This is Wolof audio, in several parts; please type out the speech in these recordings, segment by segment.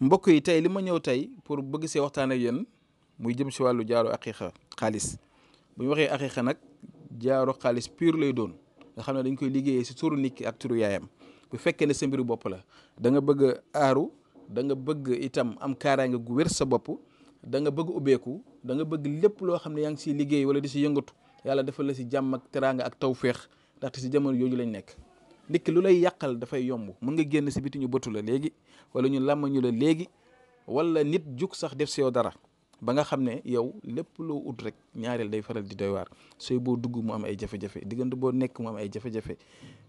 mbokk yi tey li ma ñëw tey pour bëgg see waxtaan ak muy jëm si wàllu jaaro aqiiqa xaalis bu ñu waxee aqiiqa nag jaaro xaalis piir lay doon nga xam ne dañ koy liggéeyee si turu nikki ak turu yaayam bu fekkee ne sa mbiru bopp la da nga bëgg aaru danga bëgg itam am kaaraange gu wér sa bopp danga bëgg ubbeeku danga bëgg lépp loo xam ne yaa ngi siy liggéey wala di si yëngatu yàlla defal la si jàmm ak teraanga ak tawféex ndaxte si jamono yooyu lañ nekk nit ki lu lay yàqal dafay yomb mun nga génn si biti ñu bëtu la léegi wala ñu làmm ñu la léegi wala nit jug sax def si yow dara ba nga xam ne yow lépp loo ut rek ñaareel day faral di doy waar sooy boo dugg mu am ay jafe-jafe diggante boo nekk mu am ay jafe-jafe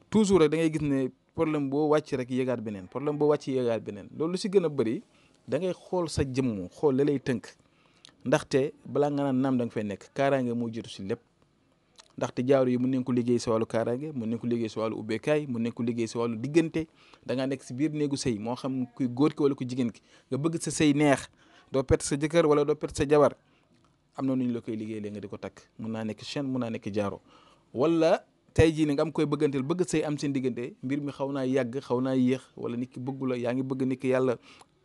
toujours rek da gis ne problème boo wàcc rek yëgaat beneen problème boo wàcc yëgaat beneen loolu lu si gën a bëri dangay xool sa jëmm xool la lay tënk ndaxte balaa nga naan naam da nga fay nekk kaaraange moo jiitu si lépp. ndaxte jaaro yi mu nañ ko liggéey si wàllu kaaraange mun nañ ko liggéey si wàllu ubbeekaay mun nañ ko liggéey si wàllu diggante danga nekk si biir néegu sëy moo xam kuy góor ki wala ko jigéen ki nga bëgg sa sëy neex doo perte sa jëkkër wala doo perte sa jabar am na nu ñu la koy liggéey léegi nga di ko takk mun naa nekk chaîne mun naa nekk jaaro wala tey jii ni nga am koy bëgganteel bëgg sëy am seen diggante mbir mi xaw naa yàgg xaw naa yéex wala nit ki bëggu yaa ngi bëgg nit ki yàlla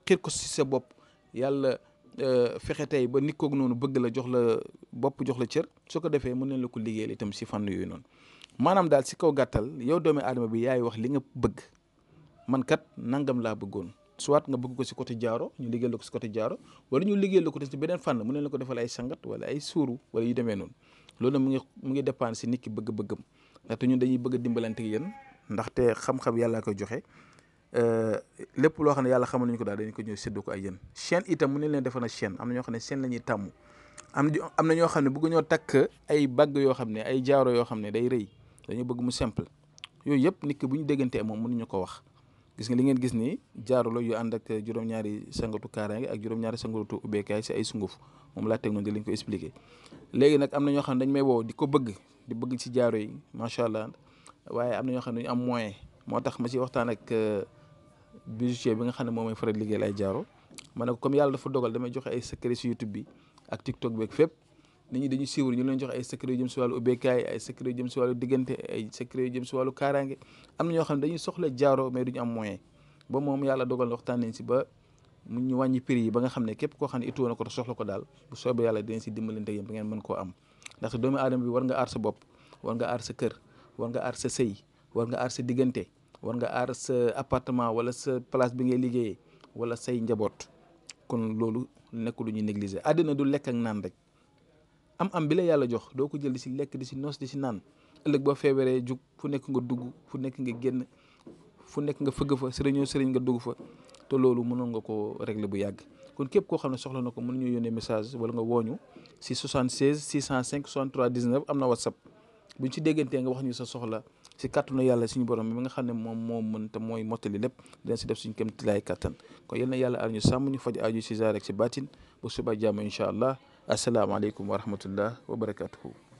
xir ko si sa bopp yàlla Euh, fexe tey ba nit kook noonu bëgg la jox la bopp jox la cër su ko defee mën nañ la ko liggéeyal itam si fànn yooyu noonu maanaam daal si kaw gàttal yow doomi aadama bi yaay wax li nga bëgg man kat nangam laa bëggoon soit nga bëgg ko si côté jaaro ñu liggéeyal la ko si côté jaaro wala ñu liggéeyal la ko si beneen fànn mu ne la ko defal ay sangat wala ay suuru wala yu demee noonu loolu nag mu ngi mu ngi dépendre si nit ki bëgg-bëggam ndaxte ñu dañuy bëgg dimbalante yéen ndaxte xam-xam yàllaa koy joxe Euh, lépp loo xam ne yàlla xamal nañu ko daal dañu ko ñëw séddu ko ay yéen chaîne itam mu ne leen defoon na chaîne am na ñoo xam ne chaîne la tàmm am na ñoo xam ne bëgg ñoo takk ay bagg yoo xam ne ay jaaro yoo xam ne day rëy dañoo bëgg mu simple yooyu yëpp nit bu ñu déggantee moom mënuñu ko wax gis nga li ngeen gis ni jaaro la yu ànd ak juróom-ñaari sangatu kaaraange ak juróom-ñaari sangatu ubbeekaay si ay sunguf moom laa teg noonu di leen ko léegi nag am na ñoo xam ne dañ may woo di ko bëgg di bëgg ci jaaro yi macha allah waaye am na ñoo xam ne dañu am moyen moo tax ma ci waxtaan ak euh, bijoutier bi nga xam ne moom mooy faral liggéey ay jaaro ma ne ko comme yàlla dafa dogal damay joxe ay secret si YouTube bi ak TikTok beeg fépp nit ñi dañu siiwul ñu leen jox ay secret si wàllu ubbeekaay ay secret si wàllu diggante ay secret yu jëm si wàllu kaaraange am na ñoo xam ne dañuy soxla jaaro mais duñu am moyen ba moom yàlla dogal na waxtaan nañ si ba mu ñu wàññi prix yi ba nga xam ne képp koo xam ne itoo na ko te soxla ko daal bu soobee yàlla dinañ si dimbalante yéen ba ngeen mën koo am ndaxte doomu aadama bi war nga aar sa bopp war nga aar sa kër war nga aar sa sëy war nga aar sa diggante war nga aar sa appartement wala sa place bi ngay liggéeyee wala say njaboot kon loolu nekk lu ñuy négliger àddina du lekk ak naan rek am am bi la yàlla jox doo ko jël di si lekk di si noos di si naan ëllëg boo feebaree jug fu nekk nga dugg fu nekk nga génn fu nekk nga fëgg fa sëriñoo sëriñ nga dugg fa te loolu mënoon nga koo régler bu yàgg kon képp koo xam ne soxla na ko mën ñu yónnee message wala nga wooñu si 76 605 63 19 am na whatsapp bu ñu déggantee nga wax ñu sa soxla si kàttanu yàlla suñu borom mi nga xam ne moom moo mën te mooy mottali lépp dina si def suñu këm tilaay kattan kon yal na yàlla ar ñu sàmm ñu faj aju si zaar si baatin bu suba jàmm incha allah asalaamaaleykum wa rahmatullah wa barakatuhu